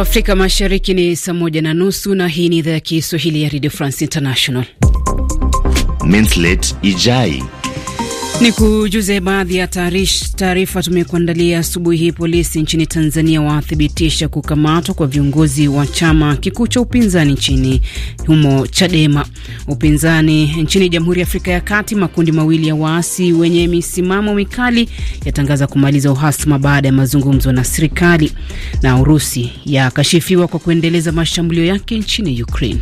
Afrika Mashariki ni saa moja na nusu na hii ni idhaa ya Kiswahili ya Radio France International. minslate Ijai ni kujuze baadhi ya taarifa tumekuandalia asubuhi hii. Polisi nchini Tanzania wathibitisha kukamatwa kwa viongozi wa chama kikuu cha upinzani nchini humo Chadema. Upinzani nchini Jamhuri ya Afrika ya Kati, makundi mawili ya waasi wenye misimamo mikali yatangaza kumaliza uhasama baada ya mazungumzo na serikali. Na Urusi yakashifiwa kwa kuendeleza mashambulio yake nchini Ukraine.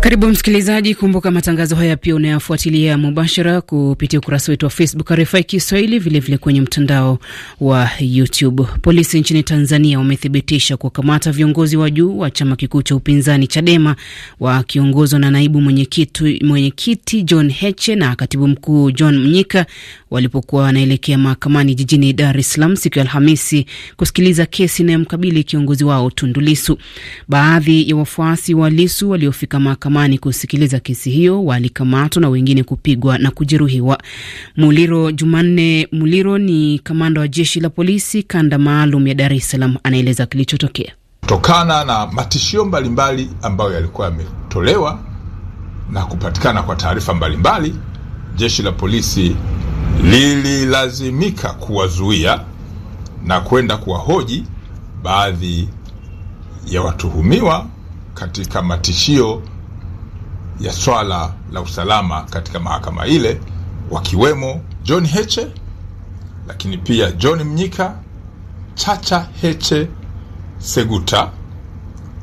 Karibu msikilizaji, kumbuka matangazo haya pia unayafuatilia mubashara kupitia ukurasa wetu wa Facebook RFI Kiswahili, vilevile kwenye mtandao wa YouTube. Polisi nchini Tanzania wamethibitisha kuwakamata viongozi wa juu wa chama kikuu cha upinzani Chadema wakiongozwa na naibu mwenyekiti mwenye John Heche na katibu mkuu John Mnyika walipokuwa wanaelekea mahakamani jijini Dar es Salaam siku ya Alhamisi kusikiliza kesi inayomkabili kiongozi wao Tundu Lissu. Baadhi ya wafuasi wa Lissu waliofika mahakamani kusikiliza kesi hiyo walikamatwa na wengine kupigwa na kujeruhiwa. Muliro Jumanne Muliro ni kamanda wa jeshi la polisi kanda maalum ya Dar es Salaam, anaeleza kilichotokea kutokana na matishio mbalimbali ambayo yalikuwa yametolewa na kupatikana kwa taarifa mbalimbali, jeshi la polisi lililazimika kuwazuia na kwenda kuwahoji baadhi ya watuhumiwa katika matishio ya swala la usalama katika mahakama ile, wakiwemo John Heche, lakini pia John Mnyika, Chacha Heche Seguta,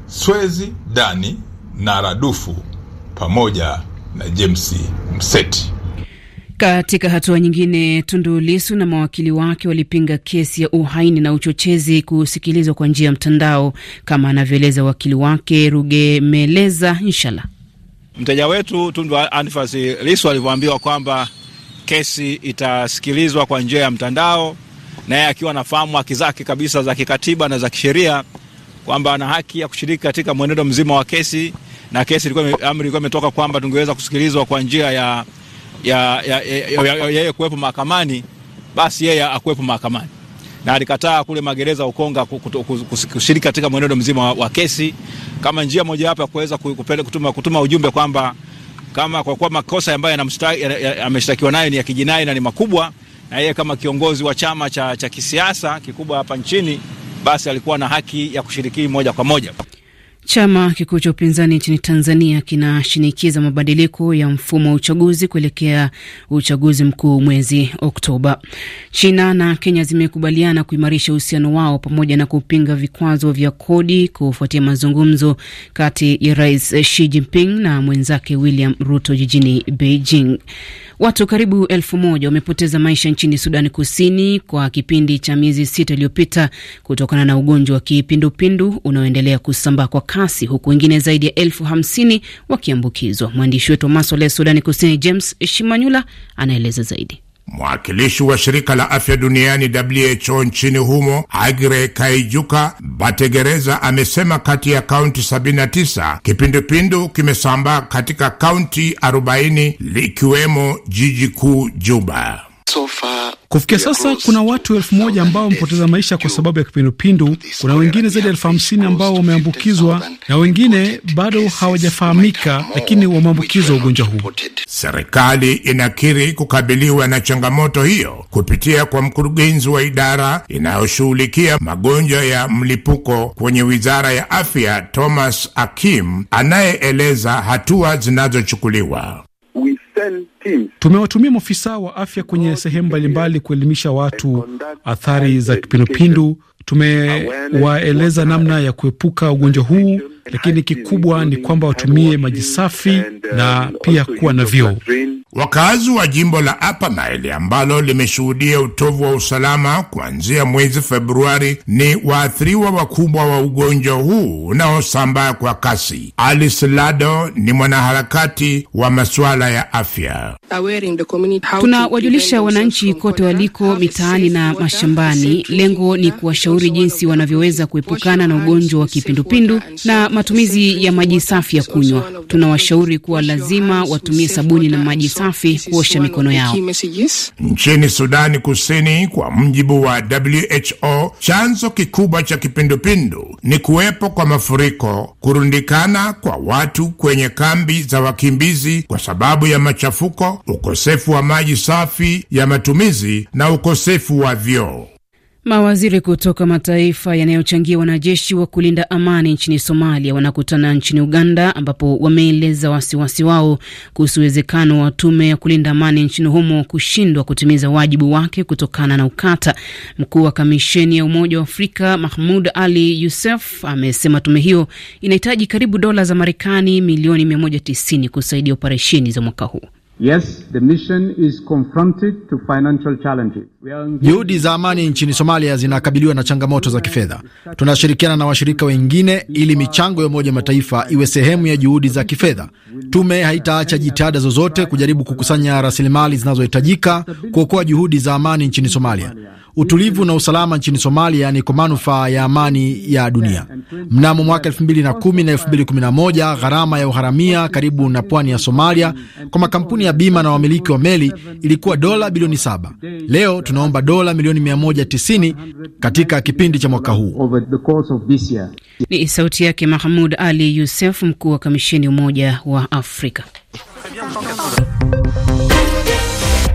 Swezi Dani na Radufu pamoja na James Mseti. Katika hatua nyingine, Tundu Lisu na mawakili wake walipinga kesi ya uhaini na uchochezi kusikilizwa kwa njia ya mtandao, kama anavyoeleza wakili wake ruge meleza Inshala. Mteja wetu Tundu Antifas Lisu alivyoambiwa kwamba kesi itasikilizwa kwa njia ya mtandao, naye akiwa anafahamu haki zake kabisa za kikatiba na za kisheria kwamba ana haki ya kushiriki katika mwenendo mzima wa kesi, na kesi ilikuwa amri ilikuwa imetoka kwamba tungeweza kusikilizwa kwa njia ya ya yeye kuwepo mahakamani, basi yeye akuwepo mahakamani, na alikataa kule magereza Ukonga kushiriki katika mwenendo mzima wa kesi kama njia mojawapo ya kuweza kutuma, kutuma ujumbe kwamba kama kwa kuwa makosa ambayo ameshtakiwa nayo ni ya kijinai na ni makubwa, na yeye kama kiongozi wa chama cha, cha kisiasa kikubwa hapa nchini, basi alikuwa na haki ya kushiriki moja kwa moja. Chama kikuu cha upinzani nchini Tanzania kinashinikiza mabadiliko ya mfumo wa uchaguzi kuelekea uchaguzi mkuu mwezi Oktoba. China na Kenya zimekubaliana kuimarisha uhusiano wao pamoja na kupinga vikwazo vya kodi kufuatia mazungumzo kati ya Rais Xi Jinping na mwenzake William Ruto jijini Beijing. Watu karibu elfu moja wamepoteza maisha nchini Sudani Kusini kwa kipindi cha miezi sita iliyopita kutokana na ugonjwa wa kipindupindu unaoendelea kusambaa kwa kasi, huku wengine zaidi ya elfu hamsini wakiambukizwa. Mwandishi wetu wa maswala ya Sudani Kusini James Shimanyula anaeleza zaidi. Mwakilishi wa shirika la afya duniani WHO nchini humo Agre Kaijuka Bategereza amesema kati ya kaunti 79 kipindupindu kimesambaa katika kaunti 40 likiwemo jiji kuu Juba. So far Kufikia sasa kuna watu elfu moja ambao wamepoteza maisha kwa sababu ya kipindupindu. Kuna wengine zaidi ya elfu hamsini ambao wameambukizwa na wengine bado hawajafahamika, lakini wameambukizwa ugonjwa huu. Serikali inakiri kukabiliwa na changamoto hiyo kupitia kwa mkurugenzi wa idara inayoshughulikia magonjwa ya mlipuko kwenye wizara ya afya, Thomas Akim, anayeeleza hatua zinazochukuliwa. Tumewatumia maafisa wa afya kwenye sehemu mbalimbali kuelimisha watu athari za kipindupindu. Tumewaeleza namna ya kuepuka ugonjwa huu, lakini kikubwa ni kwamba watumie maji safi na uh, pia kuwa na vyoo. Wakazi wa jimbo la Upper Nile ambalo limeshuhudia utovu wa usalama kuanzia mwezi Februari ni waathiriwa wakubwa wa ugonjwa huu unaosambaa kwa kasi. Alice Lado ni mwanaharakati wa masuala ya afya. Tunawajulisha wananchi kote waliko, mitaani na mashambani. Lengo ni kuwashauri jinsi wanavyoweza kuepukana na ugonjwa wa kipindupindu na matumizi ya maji safi ya kunywa. Tunawashauri kuwa lazima watumie sabuni na maji safi safi kuosha mikono yao. Nchini Sudani Kusini, kwa mjibu wa WHO, chanzo kikubwa cha kipindupindu ni kuwepo kwa mafuriko, kurundikana kwa watu kwenye kambi za wakimbizi kwa sababu ya machafuko, ukosefu wa maji safi ya matumizi na ukosefu wa vyoo. Mawaziri kutoka mataifa yanayochangia wanajeshi wa kulinda amani nchini Somalia wanakutana nchini Uganda, ambapo wameeleza wasiwasi wao kuhusu uwezekano wa tume ya kulinda amani nchini humo kushindwa kutimiza wajibu wake kutokana na ukata. Mkuu wa kamisheni ya Umoja wa Afrika Mahmud Ali Yusef amesema tume hiyo inahitaji karibu dola za Marekani milioni 190 kusaidia operesheni za mwaka huu. Yes, the mission is confronted to financial challenges. Juhudi za amani nchini Somalia zinakabiliwa na changamoto za kifedha. Tunashirikiana na washirika wengine ili michango ya Umoja Mataifa iwe sehemu ya juhudi za kifedha. Tume haitaacha jitihada zozote kujaribu kukusanya rasilimali zinazohitajika kuokoa juhudi za amani nchini Somalia utulivu na usalama nchini Somalia ni kwa manufaa ya amani ya dunia. Mnamo mwaka 2010 na 2011, gharama ya uharamia karibu na pwani ya Somalia kwa makampuni ya bima na wamiliki wa meli ilikuwa dola bilioni 7. Leo tunaomba dola milioni 190 katika kipindi cha mwaka huu. Ni sauti yake Mahmud Ali Yusef, mkuu wa kamisheni Umoja wa Afrika.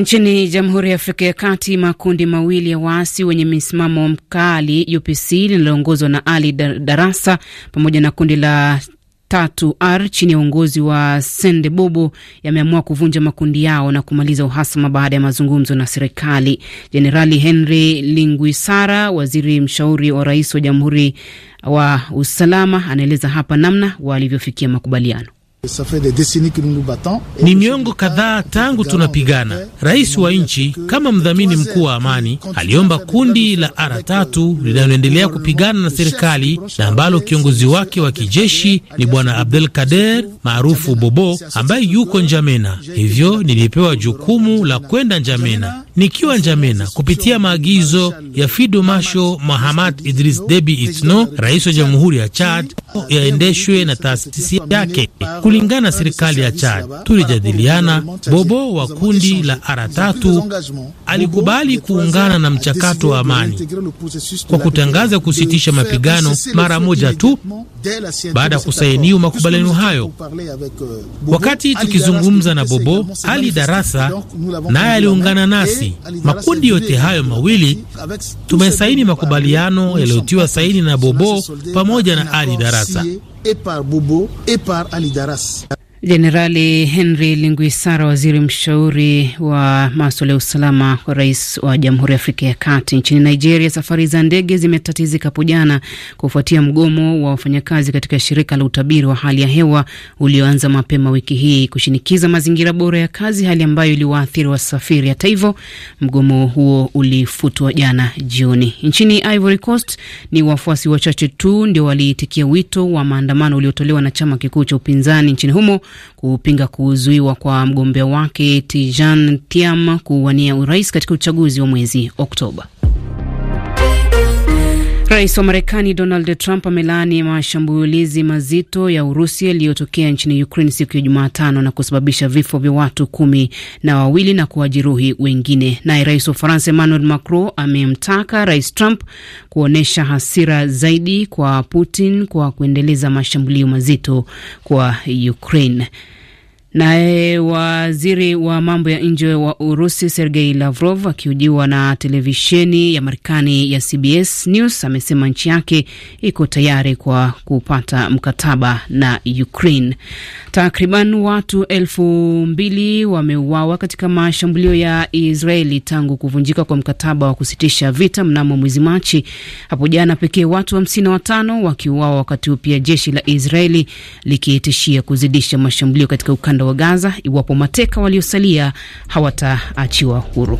Nchini Jamhuri ya Afrika ya Kati, makundi mawili ya waasi wenye misimamo mkali UPC linaloongozwa na Ali Darasa pamoja na kundi la tatu R chini ya uongozi wa Sende Bobo yameamua kuvunja makundi yao na kumaliza uhasama baada ya mazungumzo na serikali. Jenerali Henry Lingwisara, waziri mshauri wa rais wa jamhuri wa usalama, anaeleza hapa namna walivyofikia makubaliano. Ni miongo kadhaa tangu tunapigana. Rais wa nchi kama mdhamini mkuu wa amani aliomba kundi la R3 linaloendelea kupigana na serikali na ambalo kiongozi wake wa kijeshi ni Bwana Abdel Kader maarufu Bobo ambaye yuko Njamena. Hivyo nilipewa jukumu la kwenda Njamena. Nikiwa Njamena, kupitia maagizo ya Fido Masho Mahamad Idris Debi Itno, rais wa Jamhuri ya Chad, yaendeshwe na taasisi yake. Kulingana na serikali ya Chad, tulijadiliana. Bobo wa kundi la R3 alikubali kuungana na mchakato wa amani kwa kutangaza kusitisha mapigano mara moja tu baada ya kusainiwa makubaliano hayo. Wakati tukizungumza na Bobo Ali Darasa, naye aliungana nasi. Makundi yote hayo mawili tumesaini makubaliano yaliyotiwa saini na Bobo pamoja na Ali Darasa. et par Bobo et par Ali Daras. Jenerali Henry Linguisara, waziri mshauri wa maswala ya usalama wa rais wa Jamhuri ya Afrika ya Kati. Nchini Nigeria, safari za ndege zimetatizika hapo jana kufuatia mgomo wa wafanyakazi katika shirika la utabiri wa hali ya hewa ulioanza mapema wiki hii kushinikiza mazingira bora ya kazi, hali ambayo iliwaathiri wasafiri. Hata hivyo, mgomo huo ulifutwa jana jioni. Nchini Ivory Coast, ni wafuasi wachache tu ndio waliitikia wito wa maandamano uliotolewa na chama kikuu cha upinzani nchini humo kupinga kuzuiwa kwa mgombea wake Tijan Tiam kuwania urais katika uchaguzi wa mwezi Oktoba. Rais wa Marekani Donald Trump amelaani mashambulizi mazito ya Urusi yaliyotokea nchini Ukraine siku ya Jumatano na kusababisha vifo vya watu kumi na wawili na kuwajeruhi wengine. Naye rais wa Ufaransa Emmanuel Macron amemtaka Rais Trump kuonyesha hasira zaidi kwa Putin kwa kuendeleza mashambulio mazito kwa Ukraine. Naye waziri wa mambo ya nje wa Urusi Sergei Lavrov akiujiwa na televisheni ya Marekani ya CBS News amesema nchi yake iko tayari kwa kupata mkataba na Ukraine. Takriban watu elfu mbili wameuawa katika mashambulio ya Israeli tangu kuvunjika kwa mkataba wa kusitisha vita mnamo mwezi Machi. Hapo jana pekee watu hamsini na watano wakiuawa, wakati huu pia jeshi la Israeli likitishia kuzidisha mashambulio katika ukanda ukanda wa Gaza iwapo mateka waliosalia hawataachiwa huru.